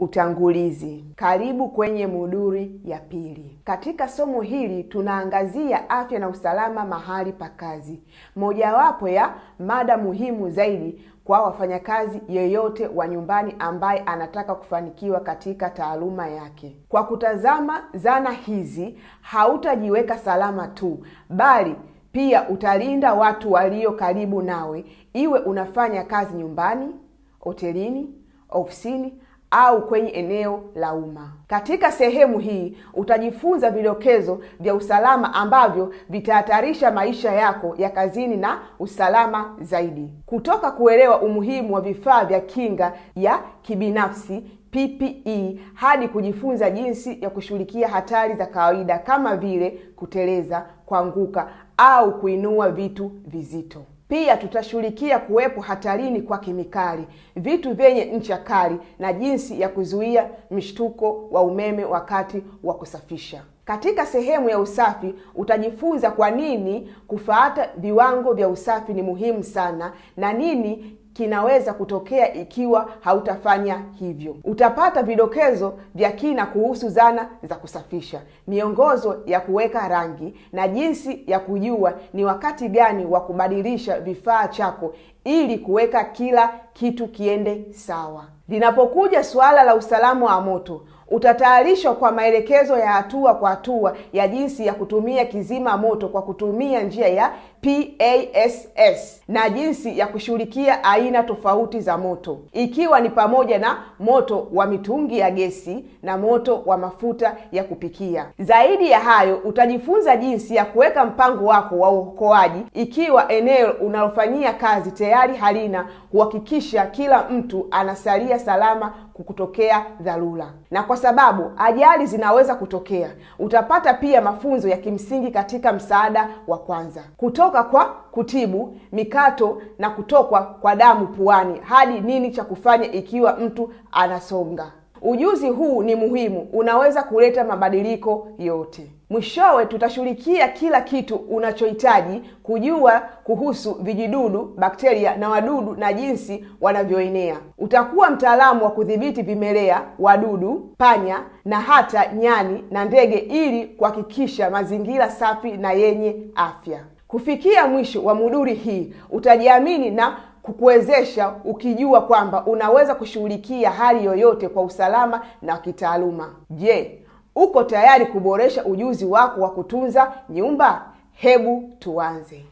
Utangulizi. Karibu kwenye muduri ya pili. Katika somo hili tunaangazia afya na usalama mahali pa kazi, mojawapo ya mada muhimu zaidi kwa wafanyakazi yeyote wa nyumbani ambaye anataka kufanikiwa katika taaluma yake. Kwa kutazama zana hizi, hautajiweka salama tu, bali pia utalinda watu walio karibu nawe, iwe unafanya kazi nyumbani, hotelini, ofisini au kwenye eneo la umma. Katika sehemu hii utajifunza vidokezo vya usalama ambavyo vitahatarisha maisha yako ya kazini na usalama zaidi, kutoka kuelewa umuhimu wa vifaa vya kinga ya kibinafsi PPE hadi kujifunza jinsi ya kushughulikia hatari za kawaida kama vile kuteleza, kuanguka au kuinua vitu vizito. Pia tutashughulikia kuwepo hatarini kwa kemikali, vitu vyenye ncha kali na jinsi ya kuzuia mshtuko wa umeme wakati wa kusafisha. Katika sehemu ya usafi utajifunza kwa nini kufuata viwango vya usafi ni muhimu sana na nini kinaweza kutokea ikiwa hautafanya hivyo. Utapata vidokezo vya kina kuhusu zana za kusafisha, miongozo ya kuweka rangi na jinsi ya kujua ni wakati gani wa kubadilisha vifaa chako ili kuweka kila kitu kiende sawa. Linapokuja suala la usalama wa moto, utatayarishwa kwa maelekezo ya hatua kwa hatua ya jinsi ya kutumia kizima moto kwa kutumia njia ya PASS na jinsi ya kushughulikia aina tofauti za moto ikiwa ni pamoja na moto wa mitungi ya gesi na moto wa mafuta ya kupikia. Zaidi ya hayo, utajifunza jinsi ya kuweka mpango wako wa uokoaji ikiwa eneo unalofanyia kazi tayari halina, kuhakikisha kila mtu anasalia salama kukutokea dharura na kwa kwa sababu ajali zinaweza kutokea. Utapata pia mafunzo ya kimsingi katika msaada wa kwanza, kutoka kwa kutibu mikato na kutokwa kwa damu puani hadi nini cha kufanya ikiwa mtu anasonga. Ujuzi huu ni muhimu, unaweza kuleta mabadiliko yote. Mwishowe tutashughulikia kila kitu unachohitaji kujua kuhusu vijidudu, bakteria na wadudu na jinsi wanavyoenea. Utakuwa mtaalamu wa kudhibiti vimelea, wadudu, panya na hata nyani na ndege, ili kuhakikisha mazingira safi na yenye afya. Kufikia mwisho wa muduri hii, utajiamini na kukuwezesha ukijua kwamba unaweza kushughulikia hali yoyote kwa usalama na kitaaluma. Je, uko tayari kuboresha ujuzi wako wa kutunza nyumba? Hebu tuanze.